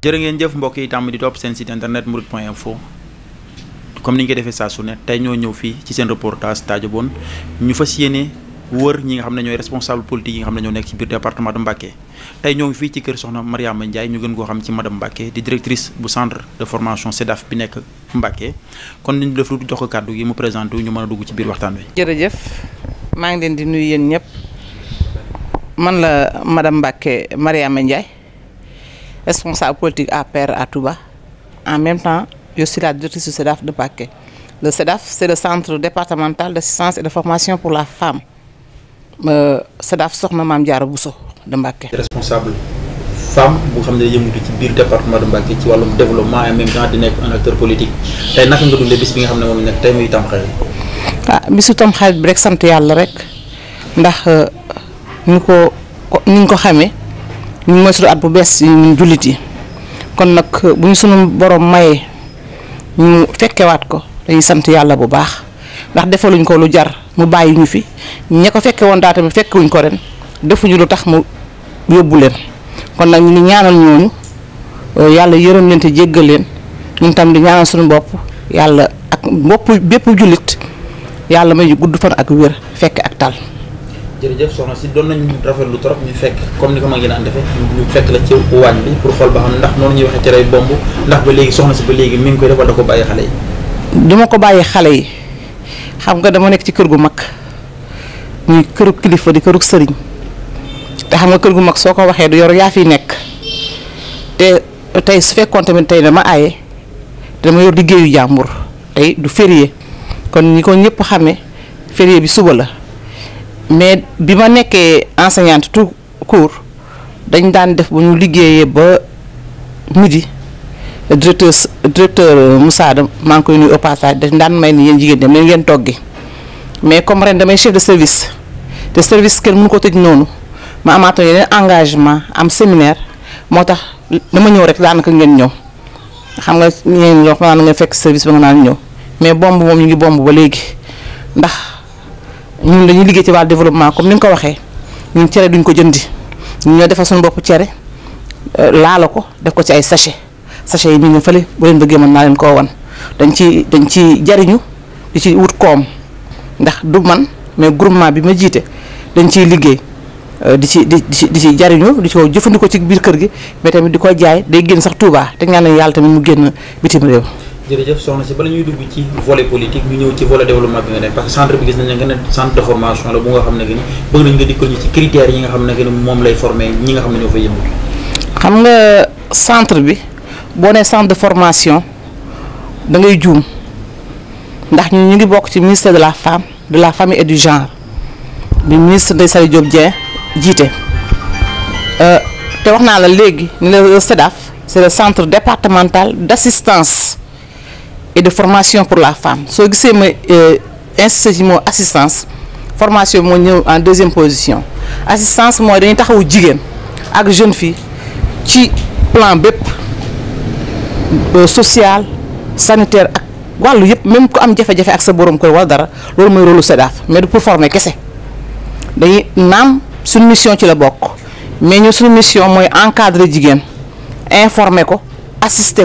jërë ngeen jëf mbokk yi tam di top sen site internet mourid.info comme ni ñu ko defee saa su ne tey ñoo ñëw fi ci sen reportage Sadio bon ñu fas wër ñi nga xam ñoy responsable politique yi nga xam ñoo nekk ci biir département de Mbacké tay ñoo fi ci kër soxna Mariama Ndiaye ñu gën ko xam ci madame Mbacké di directrice bu centre de formation CEDAF bi nekk Mbacké kon niñu def lu jox cadeau yi gi mu présenté ñu mëna dugg ci biir waxtaan wi. jërëjëf ma ngi leen di nuyu yeen ñep man la madame Mbacké Mariama Ndiaye responsable politique à Père Touba. En même temps, je suis la directrice du CEDAF de Paquet. Le CEDAF, c'est le Centre départemental d'assistance et de formation pour la femme. Le euh, CEDAF sort Mam Diara Bousso de Mbacké. Responsable femme vous savez, vous êtes ci le département de qui ci le développement et en même temps di un acteur politique tey naka nga dundee bis bi nga xam ne moom nekk tey muy Tamxarit. ah bisu Tamxarit bi rek sant rek ndax euh, ñu moytu at bu bees yi ñun yi kon nag euh, bu ñu sunu borom mayee ñu fekkewaat ko dañuy sant yàlla bu baax ndax defaluñ ko lu jar mu bàyyi ñu fi ña ko fekke woon daa tamit fekkewuñ ko ren defuñu lu tax mu yóbbu leen kon nag ñu ngi ñaanal ñooñu euh, yàlla yërëm leen te jéggal leen ñun tam di ñaanal suñu bopp yàlla ak bopp bépp jullit yàlla may ñu gudd fan ak wér fekke ak tal jërëjëf soxna si doon nañ rafetlu trop ñu fekk comme ni ko mag yi daan defee ñu fekk la ci waañ bi pour xol ba xam ndax noonu ñuy ci ray bomb ndax ba léegi soxna si ba léegi mi ngi koy defal da ko bàyyi xale yi duma ko bàyyi xale yi xam nga dama nekk ci kër gu mag muy këru kilifa di këru sëriñ te xam nga kër gu mag soo ko waxee du yor yaa fi nekk te tey su fekkoon tamit tey dama aaye dama yor di liggéeyu jàmbur tey du férié kon ñi ko ñëpp xamee férié bi suba la mais bi ma nekkee enseignante tout court dañ daan def bu ñu liggéeyee ba midi directeur directeur euh, Moussa da maa ngi koy nuyu au dañ daan may ni yéen jigéen dem leen ngeen toggi mais comme ren damay chef de service te service kenn mënu ko tëj noonu ma amaatoon yeneen engagement am séminaire moo tax dama ñëw rek daanaka ngeen ñëw xam nga ñeen loo xam naa nga fekk service ba nga naan ñëw mais bomb moom ñu ngi bomb ba léegi ndax ñun dañuy liggéey ci wàllu développement comme ni nga ko waxee ñun cere duñ ko jëndi ñun ñoo defal suñu bopp cere euh, laala ko def ko ci ay sachet sachet yi ñu ngi fële bu leen bëggee mën naa leen koo wan dañ ci dañ ci jariñu di ci wut koom ndax du man mais groupement bi ma jiite dañ ciy liggéey euh, di ci di di ci jariñu di ci ko jëfandikoo ci biir kër gi mais tamit di ko jaay day génn sax Touba te ñaan nañu yàlla tamit mu génn bitim réew. jërëjëf soxna développement parce que centre bi centre de formation critères centre de formation de la femme de la famille et du genre ministre de euh, c'est le centre départemental d'assistance de formation pour la femme So qui ma euh, assistance formation en deuxième position assistance avec une jeune fille qui, plan euh, social sanitaire ak même pour former C'est mission ci la mais ñu une mission encadrer informer assister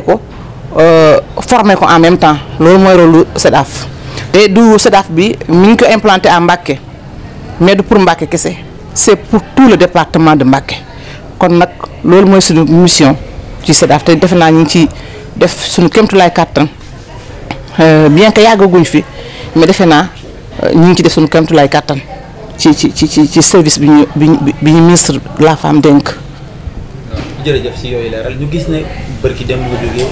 euh, former ko en même temps loolu rolu rôle lu SEDAF te du SEDAF bi mi ngi ko implanté à Mbacké mais du pour Mbacké kese c'est pour tout le département de Mbacké kon nag loolu mooy suñu mission ci SEDAF te defe naa ñu ngi ci def suñu kéemtulaay kàttan euh, bien que yàggaguñ fi mais defe naa euh, ñu ngi ci def suñu kéemtulaay kàttan ci ci ci service bi ñu bi ñu ministre la femme dénk. jërëjëf si yooyu leeral ñu gis ne bërki dem nga jógee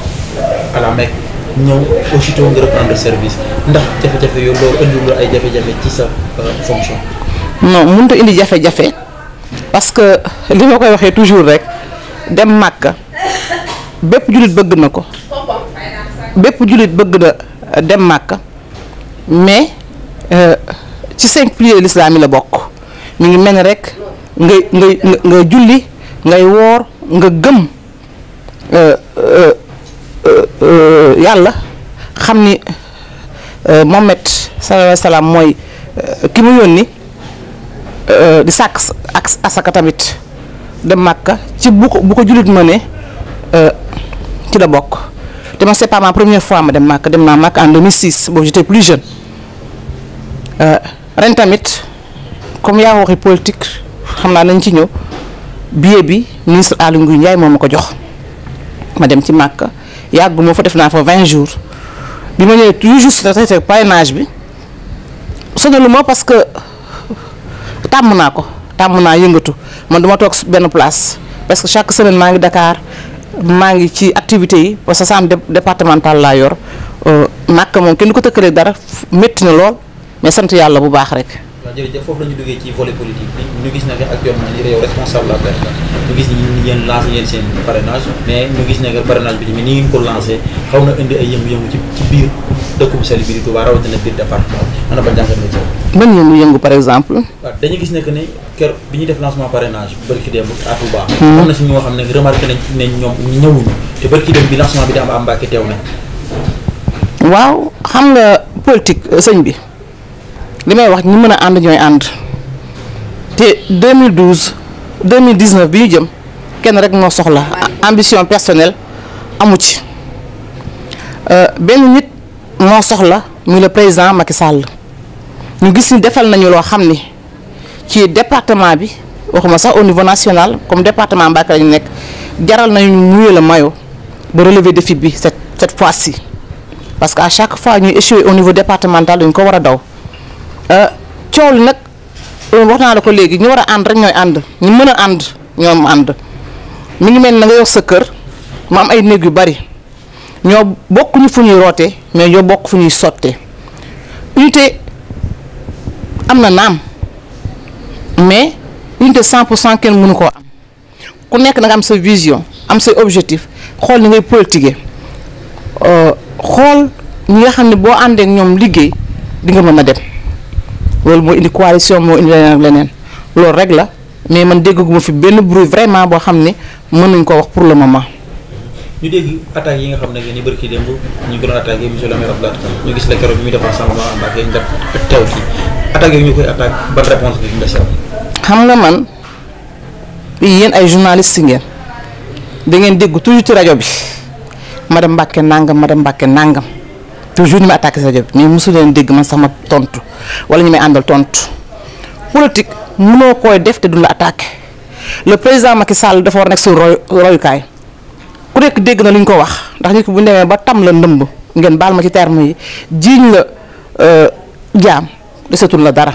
à la Mecque ñëw ay jafe-jafe ci sa euh, fonction. indi jafe-jafe parce que li ma koy waxee toujours rek dem Màkka bépp jullit bëgg na ko bépp jullit bëgg na dem Màkka mais euh, ci cinq piliers l'islam yi la bokk mi ngi mel ni rek ngay ngay nga julli ngay woor. nga gëm yalla xamni euh, euh, euh, euh mohammed sallalahu alayhi wa sallam mooy ki mu euh di sàkk ak asaka tamit de Màkka ci bu ko bu ko jullit ma ne ci la bok te ma c'est pas ma première fois ma dem Màkka dem naa Màkka en 2006 bon j'étais plus jeune euh ren tamit comme yaa waxi politique xamna nañ ci ñew billet bi ministre Aly Ngouille Ndiaye moo ma ko jox ma dem ci màkk yàgg moo fa def naa fa 20 jours bi ma ñëwee toujours juste na traité parrainage bi sonalu parce que tàmm naa ko tàmm naa yëngatu man duma toog benn place parce que chaque semaine maa ngi Dakar maa ngi ci activités yi parce que sam départemental laa yor euh, màkk moom kenn du ko tëkkalee dara métti na lool mais sant yàlla bu baax rek waaw jërëjëf foofu la ñu duggee ci volet politique bi ñu gis na nga actuellement li réew responsable la ni yéen mais ñu gis ne nga parrainage bi ni ngeen ko na indi ay yëngu-yëngu bi di Touba gis ne que kër bi ñuy def lancement parrainage bërki démb à Touba hmm. am na si ñoo xam ne remarqué nañ ne ñoom ñëwuñu te bërki démb bi lancement bi di am am Mbàkke teew na waaw xam nga politique euh, sëñ bi li wax ñi mën a ànd ñooy ànd 2012 2019 bi ñu jëm kenn rek moo soxla ambition personnelle amu ci euh, benn nit moo soxla muy le président Macky Sall ñu gis ni defal nañu loo xam ni ci département bi waxuma sax au niveau national comme département Mbacké ñu nekk jaral nañu mouiller le mayo ba relever défi bi cette cette fois-ci parce que à chaque fois ñuy échouer au niveau départemental dañ ko war a daw. Euh, coow li nag wax naa la ko léegi ñu war a ànd rek ñooy ànd ñu mën a ànd ñoom ànd mi ngi mel na nga yor sa kër mu am ay néeg yu bari ñoo bokk ñu fu ñuy rootee mais ñoo bokk fu ñuy sottee unité am na naam mais unité cent pour cent kenn mënu koo am ku nekk da nga am sa vision am sa objectif xool ni ngay politiquer euh, xool ñi nga xam ne boo àndeek ñoom liggéey di nga mën a dem. loolu mo indi coalition mo indi leneen ak leneen loolu rek la mais man dégguma fi benn bruit vraiment boo xam ne mën nañ ko wax pour le moment. ñu dégg attaque yi nga xam ne ngeen ni bëri ki démb ñu gënoon attaqué monsieur le maire Abdoulaye ñu gis la keroog bi muy def ensemble ak Mbacké nga teew ci attaque yi ñu koy attaque ban réponse bi nga sew xam nga man yéen ay journaliste ngeen da ngeen dégg toujours ci rajo bi madame Mbacke nangam madame Mbacke nangam toujours ñu ma attaqué si rajo bi mais mosu leen dégg man sama tontu wala ñu may àndal tontu politique mënoo koy def te duñ la attaqué le président Macky Sall dafa war nekk suñu roy royukaay ku nekk dégg na lu ñu ko wax ndax nit ki bu ñu demee ba tam la ndëmb ngeen baal ma ci terme yi jiiñ la euh, jaam desatul la dara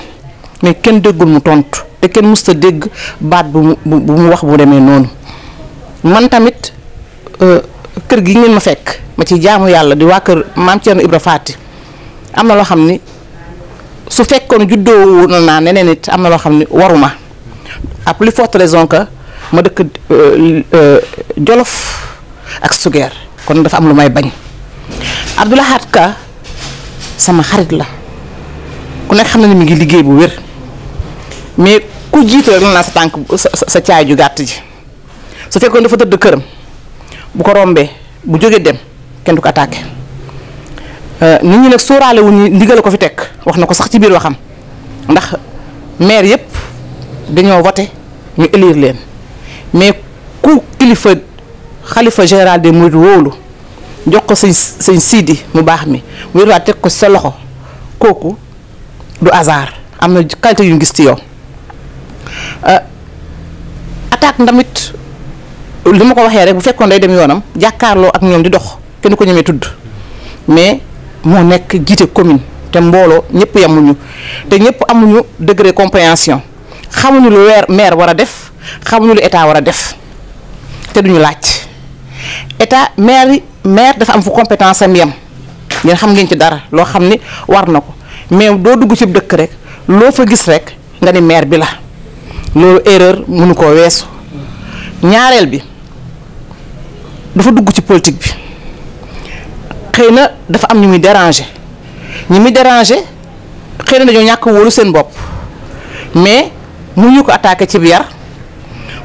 mais kenn déggul mu tontu te kenn musta dégg baat bu mu bu mu wax bu demee noonu man tamit euh, kër gi ngeen ma fekk ma ci jaamu yàlla di waa kër maam Thierno Ibra Faty am na loo xam ni su fekkoon juddoo woon naa neneen it am na loo xam ne waruma à plus forte raison que ma dëkk euh, euh, Jolof ak Sugeer kon dafa am lu may bañ Abdou Lahad Ka sama xarit la ku nekk xam na ni mu ngi liggéey bu wér mais ku jiitu rek naa sa tànk sa sa caay ju gàtt ji su fekkoon dafa tëdd këram bu ko rombee bu jógee dem kenn du ko attaqué. Euh, nit ñi nag sóoraale wu ñu ndigal ko fi teg wax na ko sax ci biir waxam ndax maire yëpp dañoo voté ñu élire leen mais ku kilifa xalifa général des mourides wóolu jox ko sëñ sëñ siidi mu baax mi wéruwaat teg ko sa loxo kooku du hasard am na qualité yu gis ci yow euh, attaque ndamit li ma ko waxee rek bu fekkoon day dem yoonam jàkkaarloo ak ñoom di dox kenn ko ñemee tudd mais mo nek jité commune té mbolo ñëpp yemuñu té ñëpp amuñu degré compréhension xamuñu lu weer maire wara a def xamuñu lu état wara def té duñu laaj état maire maire dafa am fu compétence am yam ngeen xam ngeen ci dara lo xamni war nako mais do dugg ci dëkk rek lo fa gis rek nga ni maire bi la loolu erreur mënu ko wessu ñaarel bi dafa dugg ci politique bi xëy dafa am ñu muy déranger ñi muy déranger xëy na ñak wolu seen bop mais muñu ko attaquer ci biir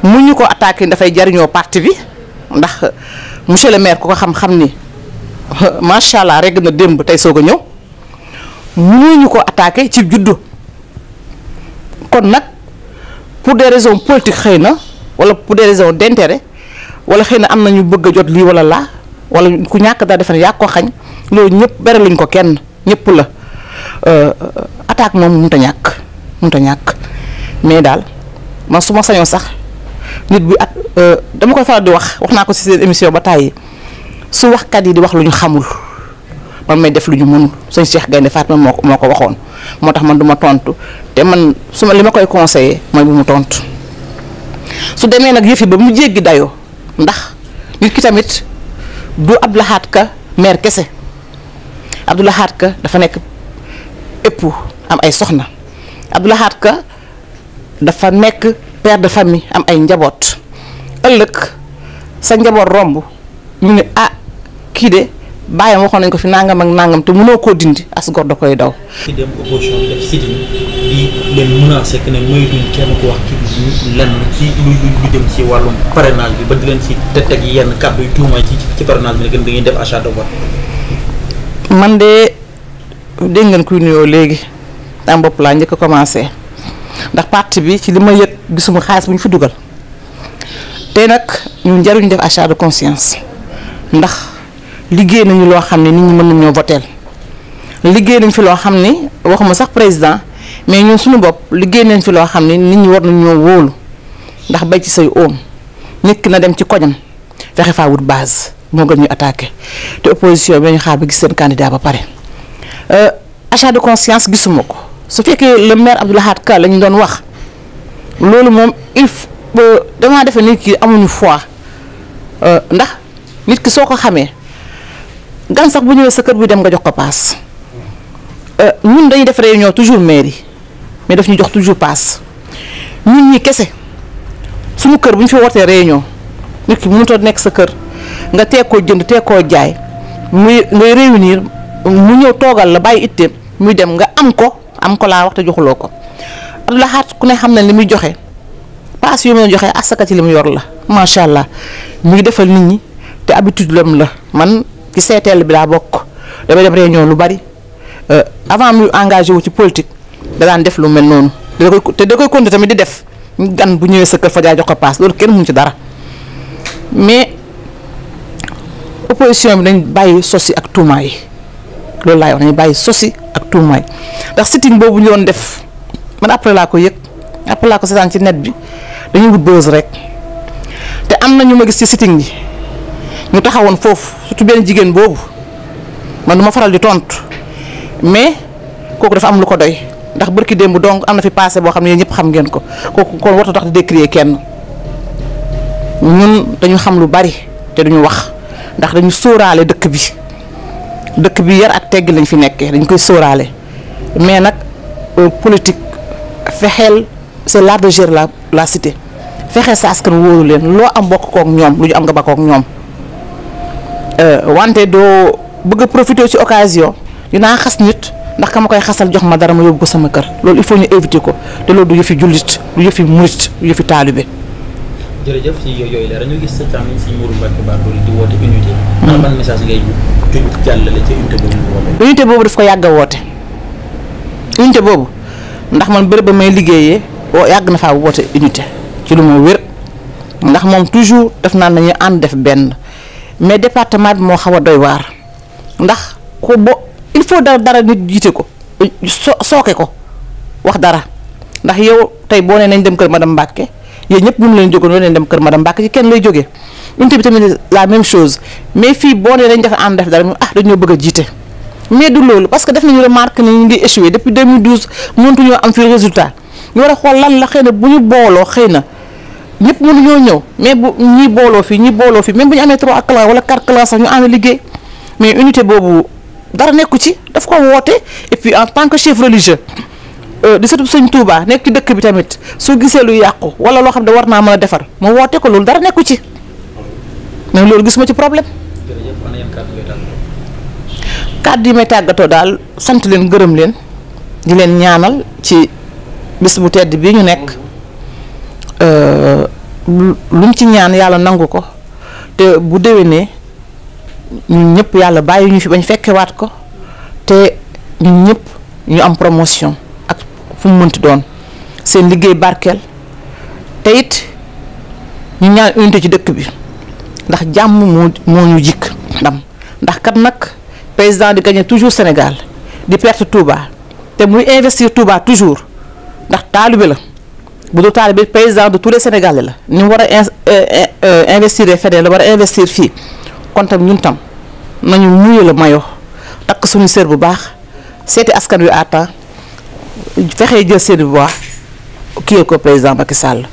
muñu ñu ko attaqué dafay jariñoo parti bi ndax monsieur le maire ko xam-xam ni macha allah rek na demb tay soko a muñu ko attaquer ci juddu kon nak pour des raisons politiques xëy wala pour des raisons d'intérêt wala xëy amna ñu bëgg jot li wala la wala ku ñak da defene ya ko xagn lo ñepp ñëpp beraliñ ko kenn ñepp la euh, euh attaque mom munta ta ñak ñàkk ta ñak mais dal ma suma sañoo sax nit bi euh dama koy faral di wax waxna ko ci seen émission ba tàyyi su waxkat yi di wax luñu xamul man may def luñu ñu mënul sëñ cheikh gaynde fatma moko moo ko waxoon man duma tontu te man suma lima koy conseiller moy bu mu tontu su demee nak yëfi ba mu jéggi dayo ndax nit ki tamit du Abdou Lahad Ka maire kese Abdou Lahad Ka dafa nekk époux am ay soxna Abdou Lahad Ka dafa nekk per de famille am ay njaboot ëllëg sa njaboot romb ñu ne ah kii de bàyyam waxoon nañ ko fi nangam ak nangam te mënoo koo dindi as gor da koy daw. di leen menacé que ne maytuñ kenn ko wax ci lenn ci luy luy dem ci walum parrainage bi ba di leen ci tettek yenn kaddu tuuma ci ci parrainage bi ne gën da def achat de vote man de dégg ngeen kuy nuyoo léegi am bopp laa njëkk commencé ndax parti bi ci li ma yëg gisuma xaalis bu ñu fi dugal tey nag ñun def achat de conscience ndax liggéey nañu loo xam ne nit ñi mën nañoo voteel liggéey nañ fi loo xam waxuma sax président mais ñun suñu bopp liggéey nañ fi loo xam ne nit ñi war nañ ñoo wóolu ndax bay ci say om nekki na dem ci koñam fexe faa wut base moo gën ñu attaqué te opposition bi ñu xaar ba gis seen candidat ba pare. Euh, achat de conscience gisuma ko su fekkee le maire Abdou Lahad Ka doon wax loolu moom il euh, damaa defe nit ki amuñu foi euh, ndax nit ki soo ko xamee gan sax bu ñëwee sa kër buy dem nga jox ko paas mun dañu def ñoo toujours maire yi. mais daf ñu jox toujours paas ñun ñi kese suma kër bu ñu fi wootee réunion nit ki mënut a nekk sa kër nga teg ko jënd teg koo jaay muy ngay réunir mu ñëw toogal la bàyyi itteem muy dem nga am ko am ko laa wax te joxuloo ko Abdou Ahad ku ne xam na li muy joxe paas yu mu joxe asaka ci li mu yor la macha allah mu ngi defal nit ñi te habitude lam la man ci seeteel bi laa bokk damay dem réunion lu bari euh, avant muy engagé wu ci politique. da def lu mel noonu da te da koy continuer tamit di def gan bu ñëwee sa kër fajaa jox ko paas loolu kenn mun ci dara mais opposition bi dañ bàyyi sos yi ak tuuma yi loolu laay wax nañu bàyyi sos yi ak tuuma ndax sitting boobu ñu doon def man après laa ko yëg après laa ko seetaan ci net bi dañuy wut buzz rek te am na ñu ma gis ci sitting yi ñu taxawoon foofu surtout benn jigéen boobu man du ma faral di tontu mais kooku dafa am lu ko doy. ndax barki démb donc am na fi passé bo xamné ñepp xam ngeen ko ko kon wato tax di décrier kenn ñun dañu xam lu bari té duñu wax ndax dañu soralé dëkk bi dëkk bi yar ak tégg lañ fi nekkee dañ koy soralé mais nag euh, politique fexel c'est l'art de gérer la la cité fexé sa askan wóoru leen loo am bokk kook ñoom lu ñu am nga ak ñom euh wanté do bëgg profiter ci occasion na xass nit ndax ka ma koy xasal jox ma dara ma yóbbu ko sama kër loolu il faut ñu éviter ko te loolu du yëfi jullit du yëfi murit du yëfi taalibe. jërëjëf gis sa càmmiñ boobu woote. unité boobu daf ko yàgg woote unité boobu ndax man bërëb ba may liggéeyee oo yàgg na faa woote unité ci lu ma wér ndax moom toujours def naan nañu ànd def benn mais département bi moo xaw a doy waar ndax ku bo il faut dara dara nit jiite ko so sooke ko wax dara ndax yow tey boo nee nañ dem kër madame Mbacke yéen ñëpp mënu leen jógoon loo leen dem kër madame Mbacke ci kenn lay jógee ñun tamit tamit la même chose fii boo nee dañ def def dara ah dañoo bëgg a jiite mais du loolu parce que def nañu remarque ni ñu ngi échoué depuis résultat ñu xool lan la xëy na bu ñu booloo xëy na ñëpp mënuñoo ñëw mais bu ñii booloo fii ñii booloo fii même bu ñu amee trois clans wala quatre clans sax ñu ànd liggéey mais unité boobu. dara nekku ci daf ko woote et puis en tant que chef religieux euh, di sëtu sëñ Touba nekk ci dëkk bi tamit soo gisee lu yàqu wala loo xam ne war naa mën a defar mu woote ko loolu dara nekku ci mais loolu gis ma ci problème. kàddu yi may tàggatoo daal sant leen gërëm leen di leen ñaanal ci bis bu tedd bii ñu nekk euh, luñ ci ñaan yàlla nangu ko te bu déwénee. ñun ñëpp yalla bàyyi ñu fi bañ fekkewaat ko té ñun ñëpp ñu am promotion ak fu mu mënti doon seen liggéey Barkel. té it ñu ñaan unité ci dëkk bi ndax jàmm moo moo ñu jikk ndam ndax kat nag président di gagné toujours Sénégal di perte Touba té muy investir Touba toujours ndax talibé la bu do talibé président de tous les Sénégalais la ni wara euh, euh, investir fédé la wara investir fii kon tam ñun tam nañu muyee la mayo takk suñu sér bu baax seeti askan wi à temps fexe jël seen bu voix kiyal ko président Macky Sall